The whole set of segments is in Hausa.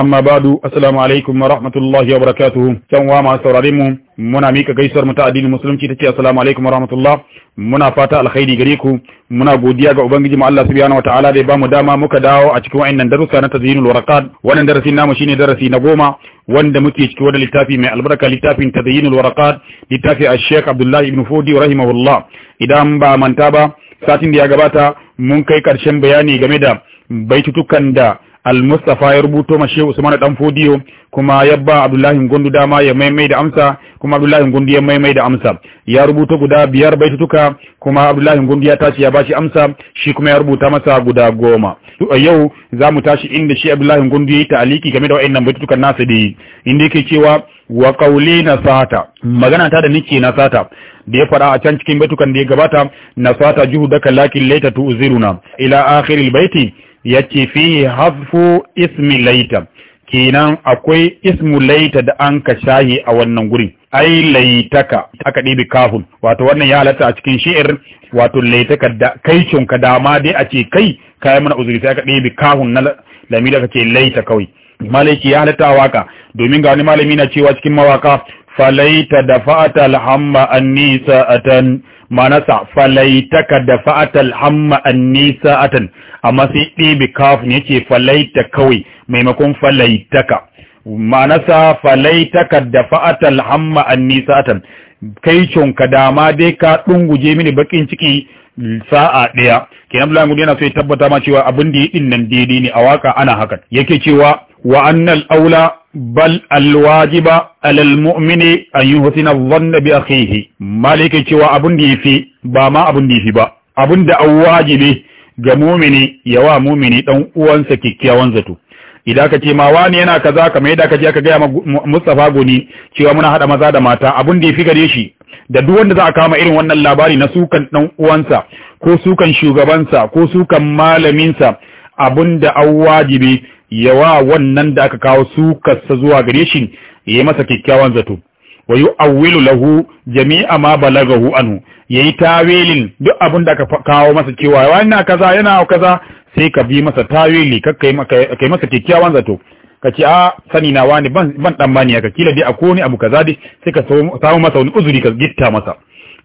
amma badu assalamu alaikum wa rahmatullahi wa barakatuhu can wa ma saurare mu muna mika gaisuwar mu ta addinin musulunci tace assalamu alaikum wa rahmatullah muna fata alkhairi gare ku muna godiya ga ubangiji mu Allah subhanahu wataala da ya bamu dama muka dawo a cikin wa'annan darussa na tazyinul waraqat wannan darasi namu shine darasi na goma wanda muke ciki wannan littafi mai albarka littafin tazyinul waraqat littafi a sheikh Abdullah ibn Fudi rahimahullah idan ba manta ba satin da ya gabata mun kai karshen bayani game da baitutukan da al-mustafa ya rubuto ma shehu usman dan fodiyo kuma yabba abdullahi gundu dama ya maimai da amsa kuma abdullahi gundu ya maimai da amsa ya rubuto guda biyar baitutuka kuma abdullahi gundu ya tashi ya bashi amsa shi kuma ya rubuta masa guda goma yau za mu tashi inda shi abdullahi gundu ya yi ta'aliki game da wa'annan baitutukan nasa da yi inda yake cewa wa na nasata magana ta da nake nasata da ya fada a can cikin baitukan da ya gabata na sata nasata juhudaka lakin laita tu'ziruna ila akhiril baiti ya ce fihi hafu ismi laita kenan akwai ismu laita da an ka shahi a wannan gurin ai laitaka aka ɗibi kafin wato wannan ya halatta a cikin shi'ir wato laitaka da kai cunka dama dai a ce kai kayan mana uzuri sai aka ɗibi kafin na lamida ka kake laita kawai malaki ya halatta waka domin ga wani malami na cewa cikin mawaka falaita dafa'ata alhamma anni sa'atan manasa falaitaka dafa'ata alhamma anni sa'atan amma sai ɗebe yake falaita kawai maimakon falaitaka manasa falaitaka dafa'ata alhamma anni sa'atan kai cunka dama dai ka ɗunguje mini bakin ciki sa'a ɗaya kenan Abdullahi Gudu yana so ya tabbata ma cewa abin da ya ɗin nan daidai ne a waka ana hakan yake cewa wa annal aula bal alwajiba alal mu'mini an yuhsina dhanna bi akhihi malike cewa abun da ba ma abun da ba abun da ga mu'mini yawa mu'mini dan uwansa kikkiawan zato idan ka ce ma wani yana kaza kamar yadda ka je ka gaya Mustafa Goni cewa muna hada maza da mata abun da gare shi da duk wanda za a kama irin wannan labari na sukan dan uwansa ko sukan shugabansa ko sukan malaminsa abun da awajibi yawa wannan da aka kawo su kasa zuwa gare shi yayi masa kyakkyawan zato wa yu'awwilu lahu jami'a ma balagahu anhu yayi tawilin duk abin da aka kawo masa cewa wannan kaza yana kaza sai ka bi masa tawili ka kai masa kyakkyawan zato ce a ah, sani na wani ban ban dan mani ka kila dai akwai ni abu kaza dai sai ka samu masa wani uzuri ka gitta masa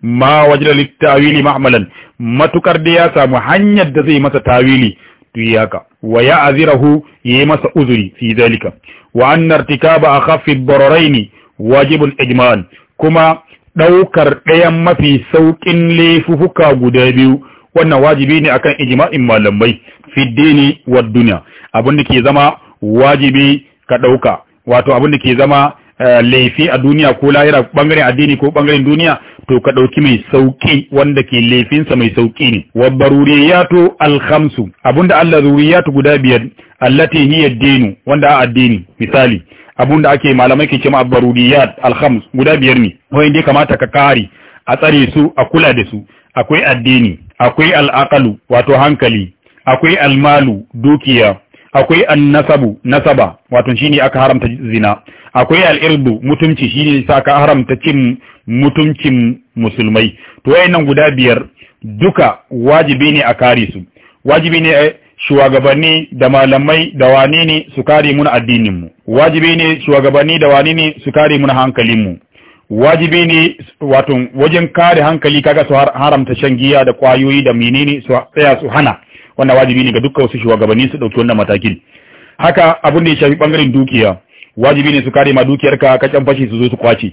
ma wajda littawili ma'malan matukar da ya samu hanyar da zai masa tawili duk yaka wa ya'zirahu yayi masa uzuri fi zalika wa anna irtikaba akhaffi ad-dararain wajibul ijmal kuma daukar ɗayan mafi saukin laifuka guda biyu wannan wajibi ne akan ijma'in malamai fi dini wa dunya abin da ke zama wajibi ka dauka wato abin da ke zama eh, laifi a duniya ko lahira bangaren addini ko bangaren duniya to ka ɗauki mai sauƙi wanda ke laifinsa mai sauƙi ne wa baruriyatu alhamsu da Allah zuriyatu guda biyar allati hiya dinu wanda a addini misali abunda ake malamai ke cewa baruriyat alhams guda biyar ne wanda ya kamata ka kare a tsare su a kula da su akwai addini akwai al'aqalu wato hankali akwai almalu dukiya akwai annasabu nasaba wato shine aka haramta zina akwai al'irdu mutumci shine sa aka haramta cin mutumcin musulmai to wayannan guda biyar duka wajibi ne a kare su wajibi ne eh, shugabanni da malamai da wane ne su kare mun addinin mu wajibi ne shugabanni da wane ne su kare mun hankalin mu wajibi ne wato wajen kare hankali kaga su haramta shan giya da kwayoyi da menene su tsaya su hana wannan wajibi ne ga dukkan wasu shugabanni su dauki wannan matakin haka abin da ya shafi bangaren dukiya wajibi ne su kare ma dukiyarka ka can fashi su zo su kwace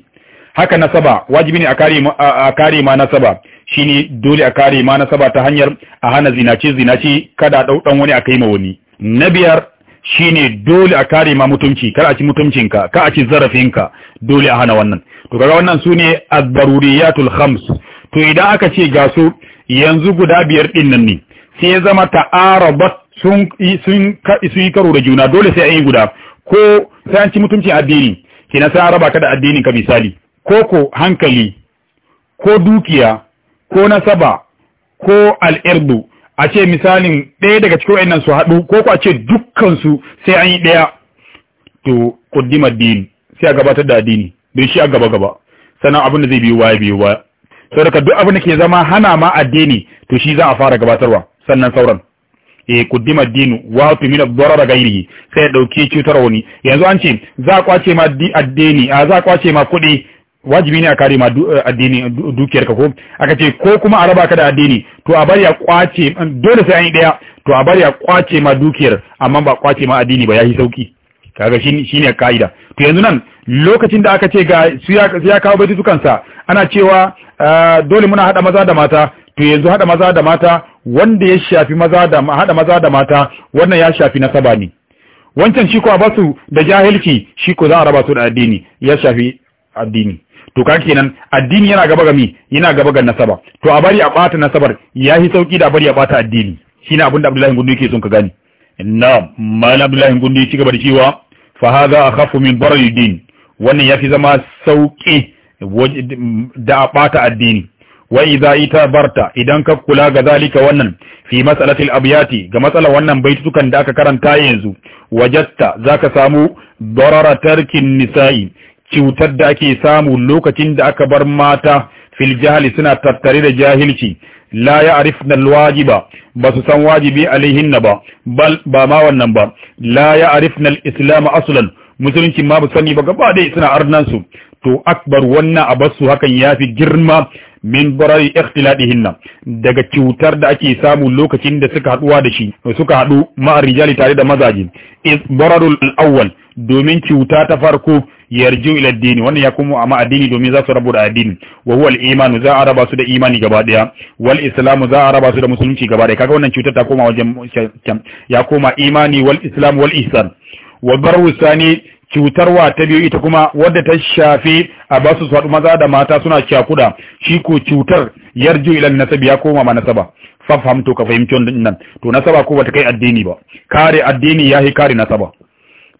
haka nasaba wajibi ne a kare a kare ma nasaba shine dole a kare ma nasaba ta hanyar a hana zinace zinace kada dau dan wani a kai ma wani na biyar shine dole a kare ma mutunci kar a ci mutuncinka ka a ci zarafinka dole a hana wannan to kaga wannan sune ad-daruriyatul khams to idan aka ce gasu yanzu guda biyar din nan ne sai ya zama ta'arabat sun sun sun yi karo da juna dole sai an yi guda ko sai an ci mutuncin addini kina sai an raba ka da addinin ka misali ko ko hankali ko dukiya ko nasaba ko al'irdu a ce misalin ɗaya daga cikin wa'annan su haɗu ko ko a ce dukkansu sai an yi ɗaya to kuddimar dini sai a gabatar da addini don shi a gaba gaba sannan abin da zai biyo waya biyo waya sau daga duk abin da ke zama hana ma addini to shi za a fara gabatarwa sannan sauran e eh, kuddima dinu wa bora darara gairihi sai ya dauki cutar wani yanzu an ce za a kwace ma addini a za a kwace ma kuɗi wajibi ne a kare ma eh, addini dukiyar ka ko aka ce ko kuma a raba ka da addini to a bari a kwace dole sai an yi daya to a bari a kwace ma dukiyar amma ba kwace ma addini ba yi sauki kaga shi shine kaida to yanzu nan lokacin da aka ce ga su ya kawo baitutukansa ana cewa eh, dole muna haɗa maza da mata to yanzu hada maza da mata wanda ya shafi maza da hada maza da mata wannan ya shafi nasaba ne wancan shi ko a basu da jahilci shi ko za a raba su da addini ya shafi addini to ka kenan addini yana gaba gami yana gaba ga nasaba to a bari a bata nasabar yi sauki da bari a bata addini shine abin da Abdullahi Gundu yake son ka gani na mal Abdullahi Gundu yake gaba da cewa fa hadha akhafu min ya din wannan yafi zama sauki da a bata addini wa idza itabarta idan ka kula ga zalika wannan fi mas'alatil abyati ga matsalar wannan baitukan da aka karanta yanzu wajatta zaka samu darara tarkin nisa'i cutar da ake samu lokacin da aka bar mata fil jahli suna tattare da jahilci la ya'rifna alwajiba ba su san wajibi alaihinna ba bal ba ma wannan ba la ya'rifna alislam aslan musulunci ma ba sani ba gaba dai suna arnan su to akbar wannan abasu hakan yafi girma min barai ikhtiladihinna daga cutar da ake samu lokacin da suka haduwa da shi suka hadu ma'ar rijali tare da mazaji is bararul awwal domin cuta ta farko yarju ila addini wannan ya kuma amma addini domin za su rabu da addini wa huwa al-iman za a raba su da imani gaba daya wal za a raba su da musulunci gaba daya kaga wannan cutar ta koma wajen ya koma imani wal islam wal ihsan wa sani cutarwa ta biyu ita kuma wadda ta shafi a basusu su maza da mata suna cakuda shi ko cutar yarju ilal nasabi ya koma ma nasaba to ka fahimci wannan nan to nasaba ko bata kai addini ba kare addini ya yi kare nasaba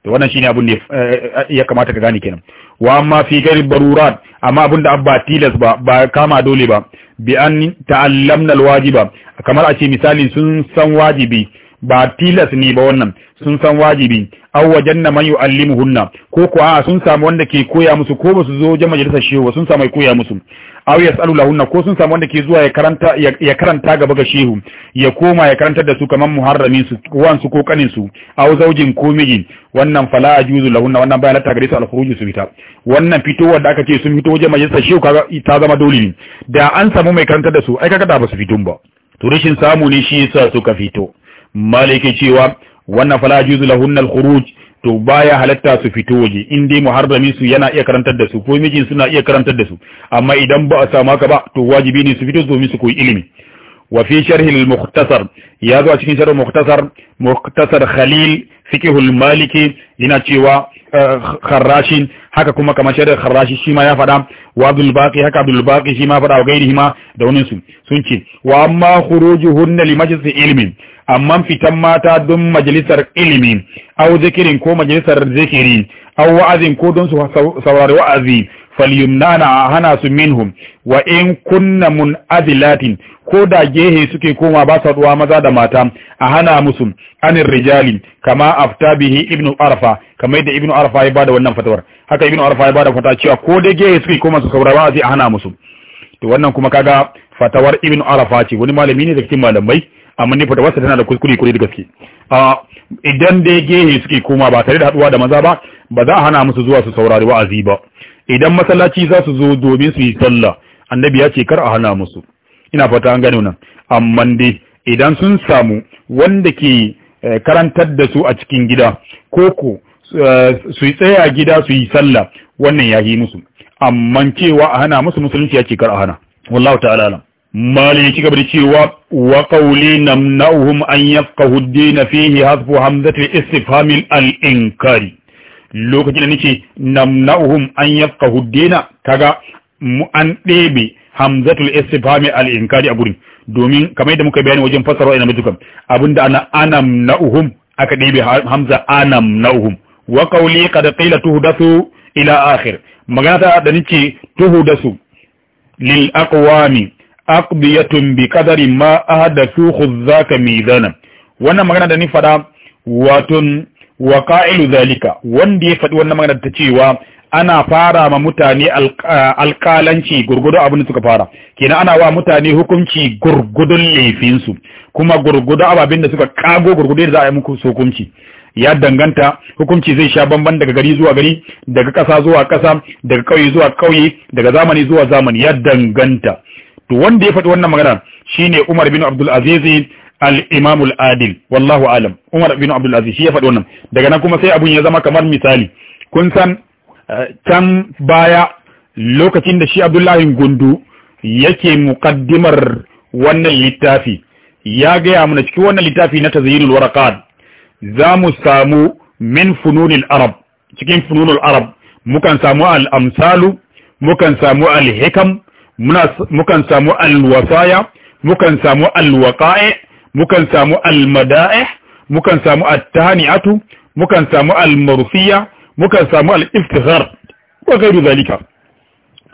to wannan shine abin da eh, ya kamata ka gane kenan wa amma fi gari barurat amma abin da abba tilas ba ba kama dole ba bi an ta'allamna alwajiba kamar a ce misali sun san wajibi ba tilas ne ba wannan sun san wajibi wajen mayu allimu hunna ko ko a sun samu wanda ke koya musu ko ba su zo wajen majalisar shehu ba sun samu mai koya musu aw yasalu hunna ko sun samu wanda ke zuwa ya karanta ya gaba ga shehu ya koma ya karantar da su ka muharramin su wan su ko kanin su aw zaujin ko miji wannan fala ajuzu lahunna wannan bayan ta gare su su fita wannan fitowar da aka ce sun fito wajen majalisar shehu kaga ta zama dole ne da an samu mai karantar da su ai kaga da ba su fito ba to samu ne shi yasa suka fito maliki cewa wannan fala juzu lahunna al-khuruj to baya halatta su fito waje in dai muharramin su yana iya karantar da su ko mijin suna iya karantar da su amma idan ba a samu haka ba to wajibi ne su fito su su koyi ilimi wa fi sharhi al-mukhtasar ya zo a cikin sharh mukhtasar mukhtasar khalil fiqhul maliki yana cewa eh, kharrashin haka kuma kamar sharh kharrashi shi ma ya fada wa abdul baqi haka abdul baqi shi ma fada wa gairihima da wani su sun ce wa amma khurujuhunna li majlis ilmin amma fitan mata don majalisar ilimi au zikirin ko majalisar zikiri au wa'azin ko don su saurari wa'azi falyumnana hana su minhum wa in kunna latin ko da gehe suke koma ba sa maza da mata a hana musu anin rijali kama afta bihi ibnu arfa Kama yadda ibnu arfa ya bada wannan fatawar haka ibnu arfa ya bada fata cewa ko da gehe suke koma su saurari wa'azi a hana musu to wannan kuma kaga fatawar ibnu arfa ce wani malami ne da cikin malamai amma ne da wasa tana da kuskure kure da gaske idan dai gehe suke koma ba tare da haduwa da maza ba ba za a hana musu zuwa su saurari wa'azi ba idan masallaci za su zo domin su yi sallah annabi ya ce kar a hana musu ina fata an gano nan amma dai idan sun samu wanda ke eh, karantar da su a cikin gida koko eh, su yi tsaya gida su yi sallah wannan ya yi musu amma cewa a hana musu musulunci ya ce kar a hana wallahu ta'ala alam مالي ya ci وقولي نمنعهم cewa يفقه الدين فيه an yafqahu الاستفهام الإنكار لو hazfu hamzati نمنعهم أن يفقه lokacin da nace namna'uhum an yafqahu ad kaga an ɗebe hamzatul a gurin domin kamar yadda muka bayani wajen fassara wa'annan mutukan abinda ana anam na'uhum aka ɗebe hamza anam na'uhum wa qawli qad qila ila akhir magana da nake dasu lil aqwami aqdiyatun bi qadari ma ahdathu khudzaka mizana wannan magana da ni fada watun wa qa'ilu zalika wanda ya fadi wannan magana ta cewa ana fara ma mutane alƙalanci gurgudu abin da suka fara kenan ana wa mutane hukunci gurgudun laifinsu kuma gurgudu ababin da suka kago gurgudu da za a yi muku hukunci ya danganta hukunci zai sha bamban daga gari zuwa gari daga ƙasa zuwa ƙasa daga ƙauye zuwa ƙauye daga zamani zuwa zamani ya danganta to wanda ya faɗi wannan magana shine Umar bin Abdul Aziz al-Imam al-Adil wallahu alam Umar bin Abdul Aziz shi ya faɗi wannan daga nan kuma sai abun ya zama kamar misali kun san eh, can baya lokacin da shi Abdullahi Gundu yake muqaddimar wannan littafi ya gaya mana cikin wannan littafi na tazyinul waraqat za mu samu min fununil arab cikin fununul arab mukan samu al-amsalu mukan samu al-hikam mukan samu alwasaya mukan samu alwaqa'i mukan samu almada'ih mukan samu attahani'atu mukan samu almarfiya mukan samu al-iftikhar wa gairu zalika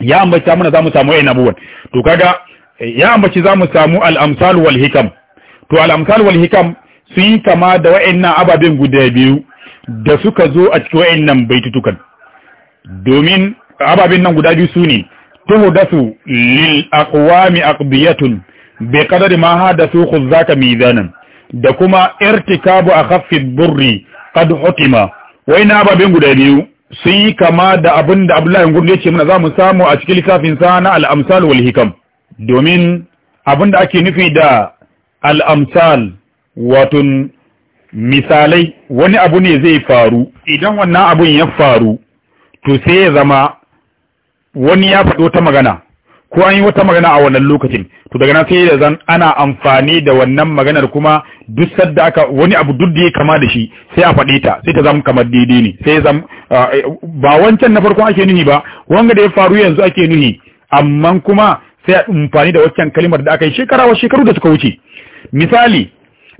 ya ambaci mana mu samu ayin abubuwan to kaga ya ambaci zamu samu al-amsal wal hikam to al-amsal wal hikam sun yi kama da wa'annan ababen guda biyu da suka zo a cikin wa'annan baitutukan domin ababen nan guda biyu su ne tuhdasu lil aqwami aqdiyatun bi qadari ma hadathu khuzaka mizanan da kuma irtikabu akhaffi burri qad hutima waina ababen guda biyu sun yi kama da abin da Abdullahi Gurdu ya ce mana za mu samu a cikin littafin sa na al-amsal wal hikam domin abin da ake nufi da al-amsal wato misalai wani abu ne zai faru idan wannan abun ya faru to sai ya zama wani ya faɗi wata magana ko an yi wata magana a wannan lokacin to daga nan sai da zan ana amfani da wannan maganar kuma duk sadda aka wani abu duk da ya kama da shi sai a faɗe ta sai ta zama kamar daidai ne sai zam ba wancan na farkon ake nuni ba wanga da ya faru yanzu ake nuni amma kuma sai a amfani da wancan kalimar da aka yi shekara wa shekaru da suka wuce misali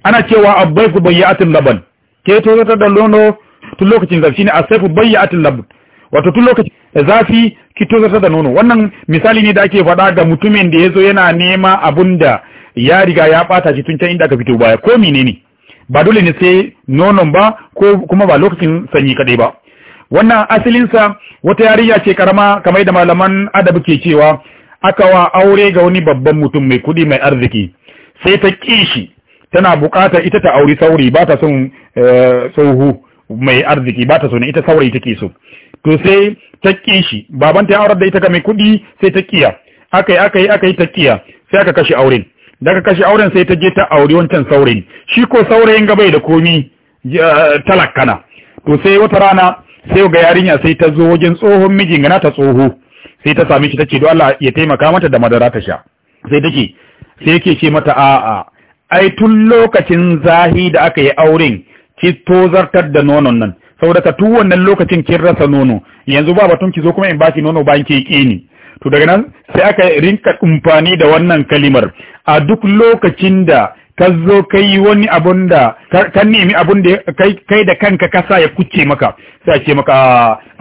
ana cewa abbai ku bayyatin laban ke to da lono tun lokacin zafi shine asaifu bayyatin laban wato tun lokacin zafi ki tozarta da nono wannan misali ne da ake faɗa ga mutumin da ya zo yana nema abun da ya riga ya ɓata shi tun can inda aka fito baya ko menene ba dole ne sai nonon ba ko kuma ba lokacin sanyi kaɗai ba wannan asalinsa wata yarinya ce karama kamar da malaman adabi ke cewa aka wa aure ga wani babban mutum mai kuɗi mai arziki sai ta ƙi shi tana buƙatar ita ta auri sauri ba ta son eh, tsohu mai arziki ba ta so ne ita saurayi take so to sai ta ƙi shi baban ta aurar da ita ga mai kuɗi sai ta Aka yi, aka yi ta ƙiya sai aka kashe auren da aka kashe auren sai ta je ta auri wancan saurayin shi ko saurayin gaba bai da komi eh, talakkana to sai wata rana sai ga yarinya sai ta zo wajen tsohon mijin gana ta tsoho sai ta same shi take don Allah ya taimaka mata da madara ta sha sai take sai yake ce mata a'a ai tun lokacin zahi da aka yi auren ki tozartar da nonon nan saboda ka tu wannan lokacin kin rasa nono yanzu ba batun ki zo kuma in baki nono bayan ki yi ni to daga nan sai aka rinka kumfani da wannan kalimar a duk lokacin da ka zo kai wani abun da ka nemi abun da kai da kanka kasa ya kuce maka sai a ce maka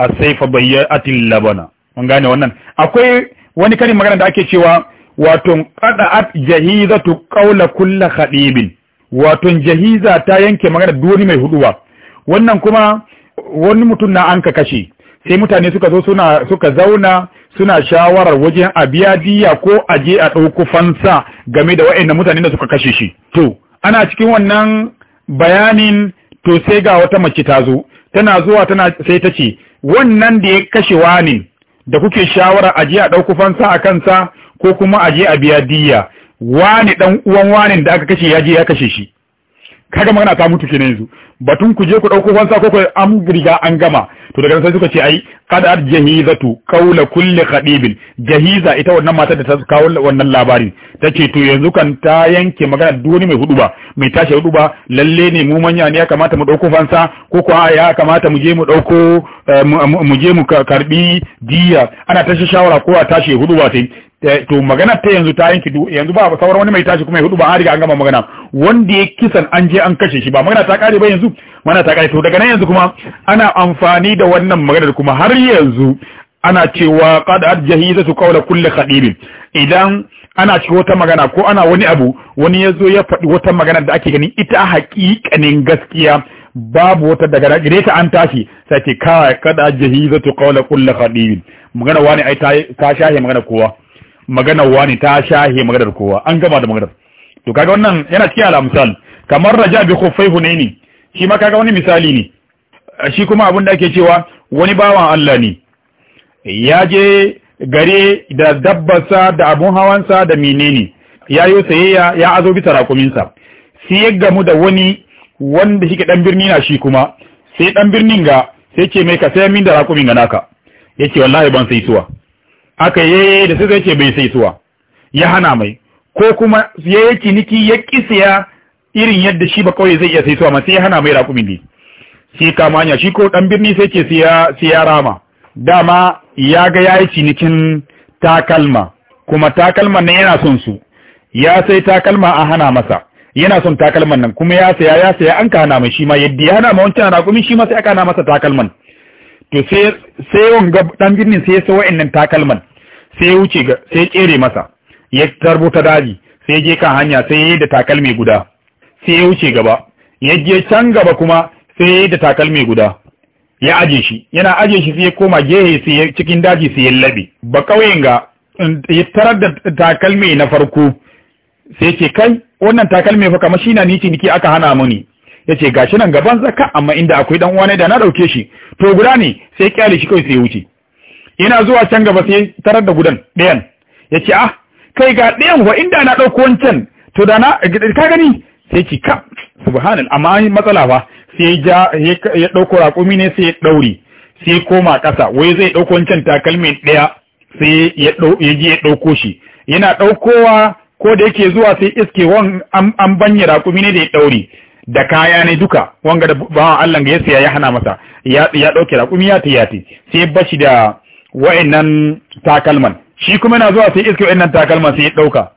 a saifa bayyatin labana mun gane wannan akwai wani karin magana da ake cewa wato qada'at jahizatu qawla kulli khadibin waton jahiza ta yanke magana duni mai huduwa wannan kuma wani mutum na anka kashe sai mutane suka zo suna suka zauna suna shawarar wajen a biya diya ko a je a ɗauko fansa game da wa'inda mutane da suka kashe shi to ana cikin wannan bayanin to sai ga wata mace ta zo tana zuwa tana sai ta ce wannan da ya kashe wani da kuke shawara aje a ɗauko fansa a kansa ko kuma aje a biya diya wani ɗan uwan wani da aka kashe ya je ya kashe shi kaga magana ta mutu kenan yanzu batun ku je ku dauko fansa ko kai am riga an gama to daga nan sai suka ce ai qad ar jahizatu qawla kulli khadibin jahiza ita wannan matar da ta kawo wannan labarin tace to yanzu kan ta yanke magana duni mai huduba mai tashi huduba lalle ne mu manya ne ya kamata mu dauko fansa ko ko a ya kamata mu je mu dauko eh, mu je mu karbi diya ana tashi shawara ko a tashi huduba sai eh, to magana ta yanzu ta yanki yanzu ba sauran wani mai tashi kuma ya hudu ba an riga an gama magana wanda ya kisan an je an kashe shi ba magana ta kare ba yanzu mana ta to daga nan yanzu kuma ana amfani da wannan maganar kuma har yanzu ana cewa qad arjahiza su qawla kulli khadibin idan ana ci wata magana ko ana wani abu wani yazo ya faɗi wata magana da ake ganin ita haƙiƙanin gaskiya babu wata daga gare ta an tashi sai ce ka kada jahiza tu qawla kulli khadibin magana wani ai ta shahe magana kowa magana wani ta shahe maganar kowa an gama da maganar to kaga wannan yana cikin al-amsal kamar raja bi khuffai hunaini shi ma kaga wani misali ne shi kuma abin da ake cewa wani bawan Allah ne ya je gare da dabbarsa da abun hawansa da menene ya yi sayayya ya azo bisa raƙuminsa sai ya gamu da wani wanda shi ke ɗan birni na shi kuma sai ɗan birnin ga sai ce mai ka sai min da raƙumin ga naka ya ce wallahi ban sai suwa aka yaye da sai ce bai sai suwa ya hana mai ko kuma ya yi ciniki ya ƙi ya? irin yadda shi ba kawai zai iya sai suwa sai sai hana mai raƙumin ne sai kama hanya shi ko dan birni sai ke sai ya rama dama ya ga ya yi cinikin takalma kuma takalman nan yana son su ya sai takalma a hana masa yana son takalman nan kuma ya saya ya saya an ka hana mai shi ma yadda ya hana ma wancan raƙumin shi ma sai aka hana masa takalman to sai sai wanga dan birnin sai ya sa wa'annan takalman sai ya wuce sai ya kere masa ya tarbo ta daji sai je kan hanya sai ya yi da takalmi guda sai ya wuce gaba ya je can gaba kuma sai ya yi da takalmi guda ya aje shi yana aje shi sai ya koma gehe sai ya cikin daji sai ya labe ba kauyen ga ya tarar da takalmi na farko sai ce kai wannan takalmi fa kamar shi na ni niki aka hana muni ya ce gashi nan gaban zaka amma inda akwai dan uwa da na dauke shi to guda ne sai kyale shi kai sai ya wuce ina zuwa can gaba sai tarar da gudan ɗayan ya ce ah kai ga ɗayan wa inda na ɗauko wancan to da na ka gani sai ki ka subhanal amma matsala ba sai ya dauko raƙumi ne sai ya dauri sai koma ƙasa wai zai dauko wancan takalmin ɗaya sai ya je ya dauko shi yana daukowa ko da yake zuwa sai iske wan an banye raƙumi ne da ya dauri da kaya ne duka wanga da bawan Allah ga ya saya ya hana masa ya dauke raƙumi ya tiyati sai bashi da wa'annan takalman shi kuma yana zuwa sai iske wa'annan takalman sai ya dauka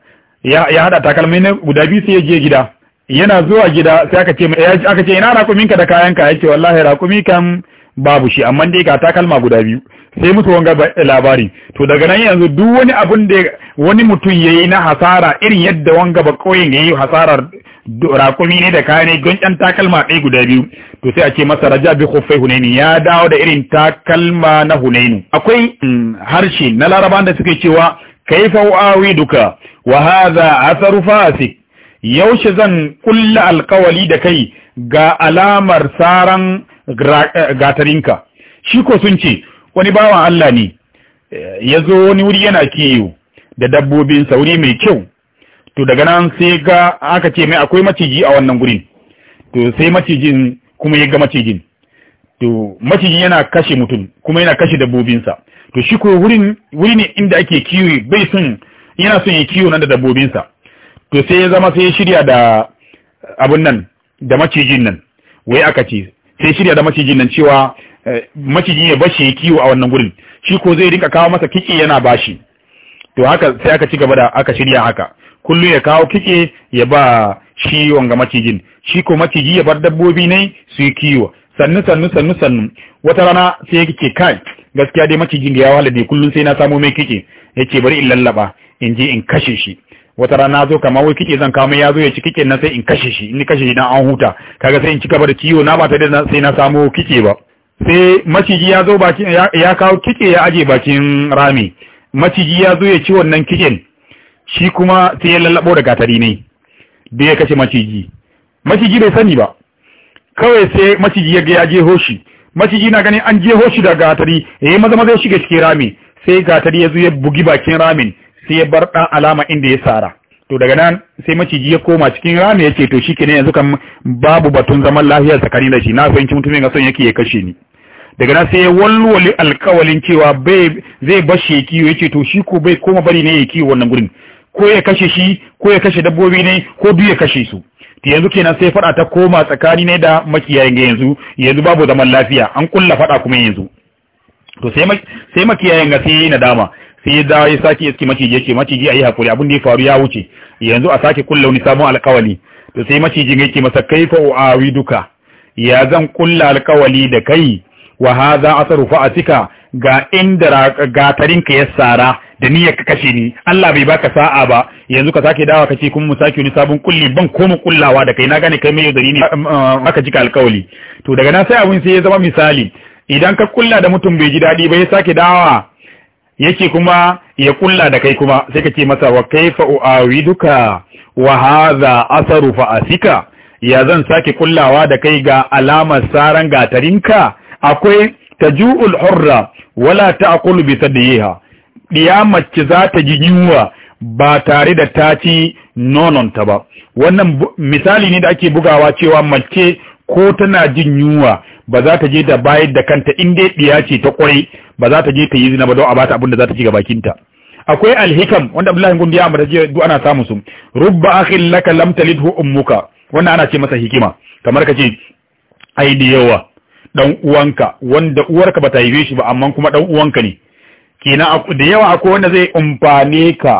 ya haɗa takalmi ne guda biyu sai ya je gida yana zuwa gida sai aka ce aka ce ina raƙuminka da kayanka yake wallahi raƙumi kan babu shi amma dai ga takalma guda biyu sai musu wanga labari to daga nan yanzu duk wani abun da wani mutum yayi na hasara irin yadda wanga ba koyin yayi hasarar rakumi ne da kaya don ɗan takalma ɗaya guda biyu to sai a ce masa raja bi khuffai hunaini ya dawo da irin takalma na hunainu akwai mm, harshe na Laraba da suke cewa kaifa wa'awi duka wa hadha atharu fasik yaushe zan kulla alkawali da kai ga alamar saran eh, gatarinka shi ko sun ce wani bawan Allah ne eh, ya zo wani wuri yana kiyo da dabbobin sauri mai kyau to daga nan sai ga aka ce mai akwai maciji a wannan gurin to sai macijin kuma ya ga macijin to macijin yana kashe mutum kuma yana kashe dabbobinsa to shi ko wuri ne inda ake kiwo bai son yana son ya kiwo nan da dabbobinsa to sai ya zama sai ya shirya da abun nan da macijin nan wai aka ci sai shirya da macijin nan cewa eh, macijin ya bashi ya kiwo a wannan gurin shi ko zai rinka kawo masa kike yana bashi to haka sai aka ci gaba da aka shirya haka kullum ya kawo kike ya ba shi wanga macijin shi ko maciji ya bar dabbobi ne su yi kiwo sannu sannu sannu sannu wata rana sai yake kai gaskiya dai macijin da ya wahala ne kullum sai na samo mai kike yake bari in lallaba in je in kashe shi wata rana zo kamar wai kike zan kawo ya zo ya ci kike na sai in kashe shi in kashe shi dan an huta kaga sai in ci gaba da ciwo na ba ta da sai na samu kike ba sai maciji ya zo bakin ya kawo kike ya aje bakin rami maciji ya zo ya ci wannan kiken shi kuma sai ya lallabo da gatari ne da ya kashe maciji maciji bai sani ba kawai sai maciji ya ga ya jeho shi maciji na ganin an jeho shi da gatari yayi eh maza maza ya shiga cikin rami sai gatari ya zo ya bugi bakin ramin sai ya bar ɗan alama inda ya sara to daga nan sai maciji ya koma cikin rami ya ce to shi kenan yanzu kan babu batun zaman lafiyar tsakanin da shi na fahimci mutumin ga son yake ya kashe ni daga nan sai ya walwale alkawalin cewa bai zai bashi ya kiwo ya ce to shi ko bai koma bari ne ya kiwo wannan gurin ko ya kashe shi ko ya kashe dabbobi ne ko duk ya kashe su to yanzu kenan sai fada ta koma tsakani ne da makiyayin ga yanzu yanzu babu zaman lafiya an kulla fada kuma yanzu to sai sai makiyayin ga sai nadama sai ya dawo ya sake iske maciji ya ce maciji ayi hakuri abin da ya faru ya wuce yanzu a sake kulla wani sabon alkawali to sai macijin yake masa kaifa duka ya zan kulla alkawali da kai wa hadha a fa'atika ga inda gatarinka ya sara da niyyar ka kashe ni Allah bai baka sa'a ba yanzu ka sake dawa ce kuma mu sake ni sabon kulli ban koma kullawa da kai na gane kai mai yaudari ne um, um, aka jika alkawali to daga na sai abin sai ya zama misali idan ka kulla da mutum bai ji dadi ba ya sake dawa yake kuma ya kulla da kai kuma sai ka ce masa wa kaifa uawiduka wa hadha asaru fa'asika ya zan sake kullawa da kai ga alamar saran gatarinka akwai taju'ul hurra wala bisa bi sadiha mace za ta ji yunwa ba tare da ta ci nononta ba wannan misali ne da ake bugawa cewa mace ko tana jin yunwa ba za ta je da bayar da kanta in dai diya ce ta kwarai ba za ta je ta yi zina ba don a bata abin da za ta ci ga ta akwai alhikam wanda Abdullahi gun ya amara je duk ana samu su rubba akhil laka lam talidhu ummuka wannan ana ce masa hikima kamar ka ce ai da yawa dan uwanka wanda uwarka bata yi shi ba amma kuma dan uwanka ne kenan da yawa akwai wanda zai amfane ka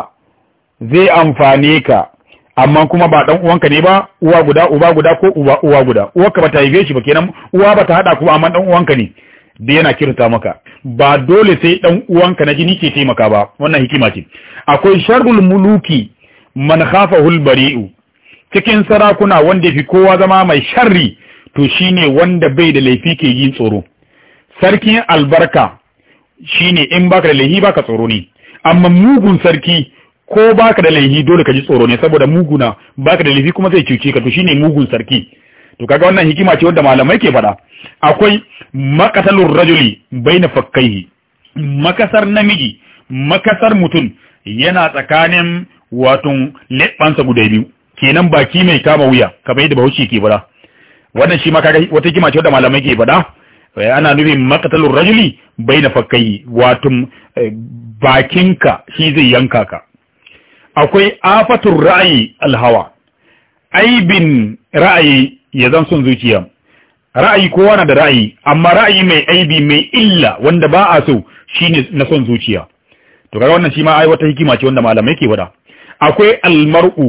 zai amfane ka amma kuma ba dan uwanka ne ba uwa guda uba guda ko uba uwa guda uwarka bata ta haife shi ba kenan uwa bata hada ku amma dan uwanka ne da yana kirta maka ba dole sai dan uwanka na jini ke taimaka ba wannan hikima ce akwai sharrul muluki man khafahu al cikin sarakuna wanda fi kowa zama mai sharri to shine wanda bai da laifi ke yin tsoro sarkin albarka shine in baka da laifi baka tsoro ne amma mugun sarki ko baka da laifi dole ka ji tsoro ne saboda muguna baka da laifi kuma zai cuce ka to shine mugun sarki to kaga wannan hikima ce wanda malamai ke faɗa akwai makasalur rajuli baina fakkaihi makasar namiji makasar mutum yana tsakanin wato leɓansa guda biyu kenan baki mai kama wuya kamar da bahaushe ke faɗa wannan shi ma kaga wata hikima ce wanda malamai ke faɗa eh, ana nufin makasalur rajuli baina fakkaihi wato eh, bakinka shi zai yanka ka akwai afatun ra'ayi alhawa aibin ra'ayi ya zan son zuciya ra'ayi kowa na da ra'ayi amma ra'ayi mai aibi mai illa wanda ba a so shi ne na son zuciya to kaga wannan shi ma ai wata hikima ce wanda malamai ke wada akwai almar'u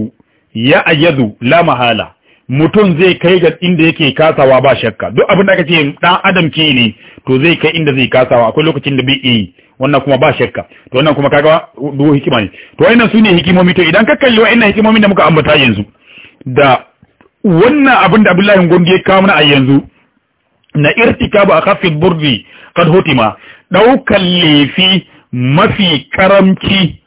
ya ayyadu la mahala mutum zai kai ga inda yake kasawa ba shakka duk abin da aka ce dan adam ke ne to zai kai inda zai kasawa akwai lokacin da bai yi wannan kuma ba shakka to wannan kuma kaga duwo hikima ne to wannan sune hikimomi to idan ka kalli wa'annan hikimomin da muka ambata yanzu da wannan abin da Abdullahi Gondi ya kawo mana a yanzu na irtikabu kafin burdi kad hutima daukan lefi mafi karamci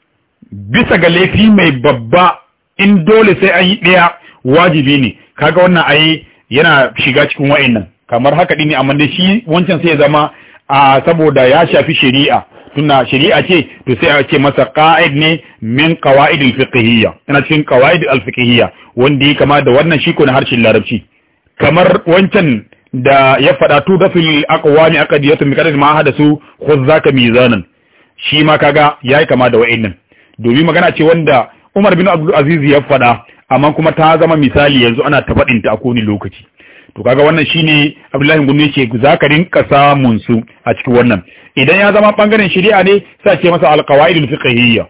bisa ga laifi mai babba in dole sai an yi ɗaya wajibi ne kaga wannan ayi yana shiga cikin wa'annan kamar haka ɗin ne amma dai shi wancan sai ya zama a saboda ya shafi shari'a tunda shari'a ce to sai a ce masa qa'id ne min qawaid al-fiqhiyya ina cikin qawaid al-fiqhiyya wanda ya kama da wannan shi ko na harshen larabci kamar wancan da ya fada tu da fil aqwami aqdiyatu min qadar ma hadasu khudh zaka mizanan shi ma kaga yayi kama da wa'innan domin magana ce wanda Umar bin Abdul Aziz ya fada amma kuma ta zama misali yanzu ana ta fadin ta a kowane lokaci to kaga wannan shine Abdullahi Gumi yake zaka rinka samun su a cikin wannan idan ya zama bangaren shari'a ne sai ce masa alqawaidul ya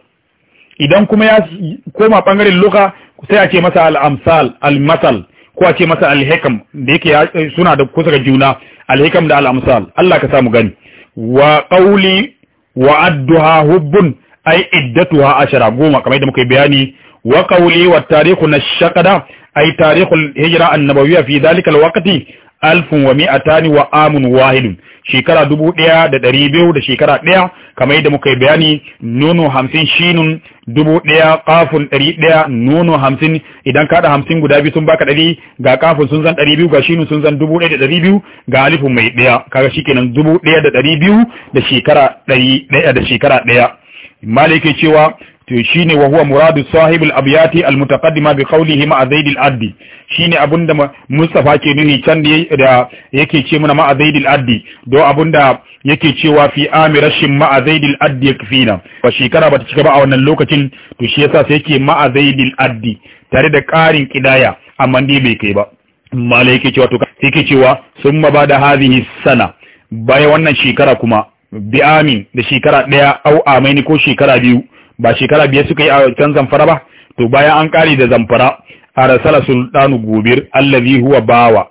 idan kuma ya koma bangaren lugha sai a ce masa al-amsal al-masal ko a ce masa al-hikam da yake suna da kusa juna al-hikam da al-amsal Allah ka samu gani wa qawli wa adduha hubbun ay iddatuha ashara goma kamar yadda muka yi bayani wa qawli wa tarikh nashqada ay tarikh al-hijra an-nabawiyya fi dhalika al-waqti alfun wa mi'atani wa amun wahidun shekara dubu ɗaya da ɗari biyu da shekara ɗaya kamar yadda muka yi bayani nono hamsin shinun dubu ɗaya kafin ɗari ɗaya nono hamsin idan kaɗa hamsin guda biyu sun baka ɗari ga kafin sun zan ɗari biyu ga shinun sun zan dubu ɗaya da ɗari biyu ga alifin mai ɗaya kaga shi kenan dubu ɗaya da ɗari biyu da shekara ɗaya cewa to shine wa huwa muradu sahibul abyati al mutaqaddima bi qawlihi ma zaid al addi shine abunda mustafa ke nuni can da yake ce muna ma zaid al addi do abunda yake cewa fi rashin ma zaid al addi yakfina wa shekara bata cika ba a wannan lokacin to shi yasa sai yake ma zaid al addi tare da ƙarin kidaya amma ni bai kai ba malai yake cewa to yake cewa summa bada hadhihi sana baya wannan shekara kuma bi amin da shekara daya au amaini ko shekara biyu ba shekara biyar suka yi a can zamfara ba to bayan an kare da zamfara a rasala sultanu gobir allazi huwa bawa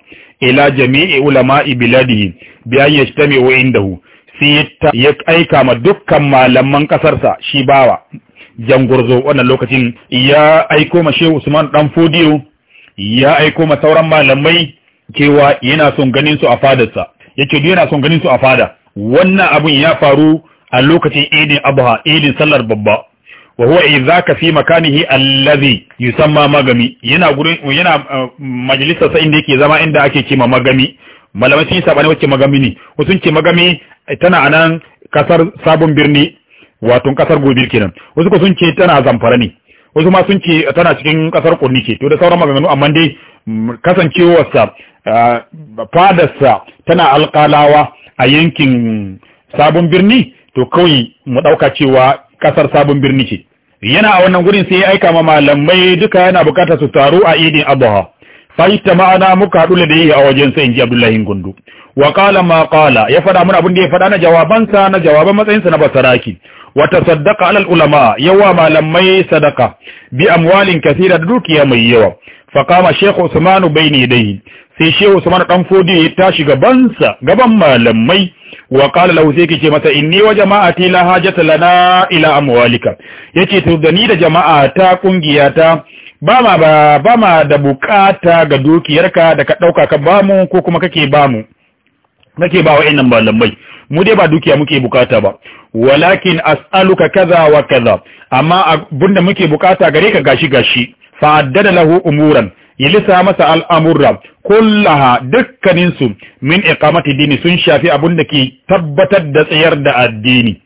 ila jami'i ulama biladihi biyan inda hu sai ya aika ma dukkan malaman kasarsa shi bawa jangurzo wannan lokacin ya aiko ma shehu usman dan fodiyo ya aiko ma sauran malamai cewa yana son ganin su a fadarsa yake duk yana son ganin su a fada wannan abun ya faru a lokacin idin abha idin sallar babba wa huwa idzaka fi makanihi allazi yusamma magami yana gurin yana uh, majalisa sa inda yake zama inda ake cewa magami malamai sun ne wacce magami ne wasu ce magami tana anan kasar sabon birni wato kasar gobir kenan wasu sun ce tana zamfara ne wasu ma sun ce tana cikin kasar kurni ce to da sauran maganganu amma dai mm, kasancewarsa uh, fadarsa tana alkalawa a yankin sabon birni to kawai mu ɗauka cewa kasar sabon birni ce yana a wannan gurin sai ya aika ma malamai duka yana bukatar su taru a idin abuha faita ma'ana muka haɗu da yi a wajen sai in ji abdullahi gundu wa kala ma kala ya faɗa mun abin da ya faɗa na jawabansa na jawaban matsayinsa na basaraki wa sadaka alal ulama yawa malamai sadaka bi amwalin kathira da dukiya mai yawa fa kama Usmanu usmanu bayni yadayhi sai shehu usman dan fodi ya tashi gabansa gaban malamai wa qala lahu sai kike masa inni wa jama'ati la hajata lana ila amwalika yace to da ni da kungiya ta ba ma ba ma da bukata ga dukiyarka da ka dauka ka bamu ko kuma kake bamu nake ba wa'annan malamai mu dai ba dukiya muke bukata ba walakin as'aluka kaza wa kaza amma abunda muke bukata gare ka gashi gashi fa'addada lahu umuran ya masa al'amurra kullaha dukkaninsu min iqamati dini sun shafi abun da ke tabbatar da tsayar da addini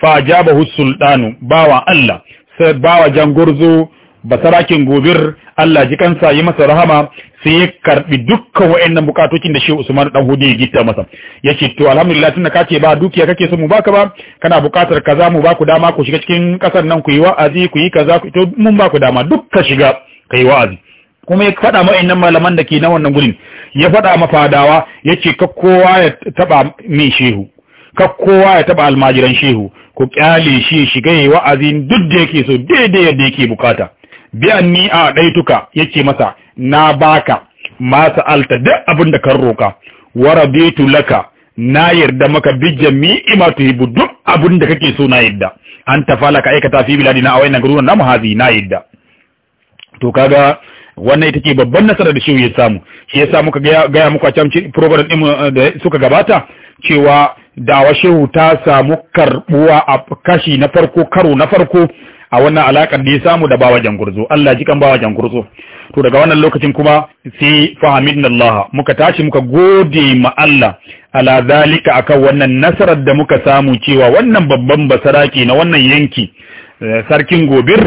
fa jabahu sultanu bawa Allah sai bawa jangurzo sarakin gobir Allah ji kansa yi masa rahama sai ya karbi dukkan wa'annan bukatokin da shi Usman dan Hudu ya gitta masa yace to alhamdulillah tunda kace ba dukiya kake so mu baka ba kana bukatar kaza mu baku dama ku shiga cikin kasar nan ku yi wa'azi ku yi kaza ku to mun baku dama dukka shiga kai wa'azi kuma ya faɗa ma innan malaman da ke na wannan gudun ya faɗa ma fadawa ya ce ka kowa ya taɓa mai shehu ka kowa ya taɓa almajiran shehu ku ƙyale shi shiga yi wa'azin duk da yake so daidai yadda yake bukata biyan ni a ɗaituka ce masa na baka masa alta duk abin da kan roka waraditu laka na yarda maka bi jami'i ima tuhibu duk abin da kake so na yarda an tafala ka aikata fi na a na garuruwan na muhazi na yadda. to kaga wannan ita ce babban nasarar da shehu ya samu shi samu muka gaya muku a can program din eh, da suka gabata cewa da dawa shehu ta samu karbuwa a kashi na farko karo na farko a wannan alakar da ya samu da bawa jangurzo Allah ji kan bawa jangurzo to daga wannan lokacin kuma sai fahimin Allah muka tashi muka gode ma Allah ala zalika akan wannan nasarar da muka samu cewa wannan babban basaraki na wannan yanki eh, sarkin gobir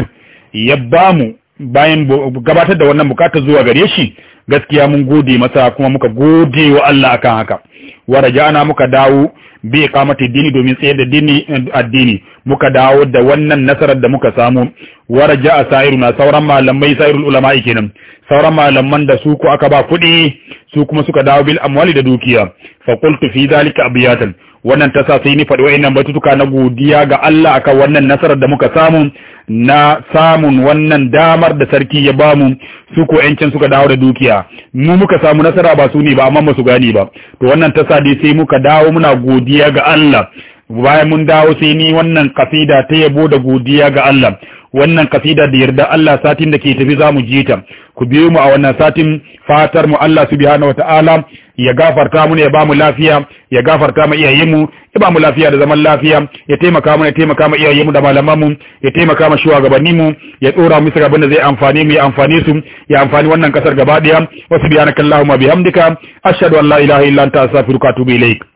ya bamu bayan gabatar da wannan bukatar zuwa gare shi gaskiya mun gode masa kuma muka gode wa Allah akan haka wa raja'ana muka dawo bi iqamati dini domin tsayar da dini addini muka dawo da wannan nasarar da muka samu wa raja'a sa'iruna sauran malamai sa'irul ulama'i kenan sauran malaman da su ko aka ba kuɗi su kuma suka dawo bil amwali da dukiya fa qultu fi zalika abiyatan wannan tasa sai ni faɗi wa'annan batutuka na godiya ga Allah akan wannan nasarar da muka samu na samun wannan damar da sarki ya bamu su ko yancin suka dawo da dukiya mu muka samu nasara ba su ne ba amma su gane ba to wannan tasa dai sai muka dawo muna godiya ga Allah bayan mun dawo sai ni wannan kasida ta yabo da godiya ga Allah wannan kasida da yarda Allah satin da ke tafi za mu ji ta ku biyo mu a wannan satin fatar mu Allah subhanahu wataala ya gafarta mu ya ba mu lafiya ya gafarta ma iyayenmu ya ba mu lafiya da zaman lafiya ya taimaka mu ya taimaka mu iyayenmu da malaman mu ya taimaka mu gabanin mu ya tsora mu abin da zai amfane mu ya amfane su ya amfani wannan kasar gaba daya wasu biyanakallahumma bihamdika ashhadu an la ilaha illa anta astaghfiruka wa atubu ilaik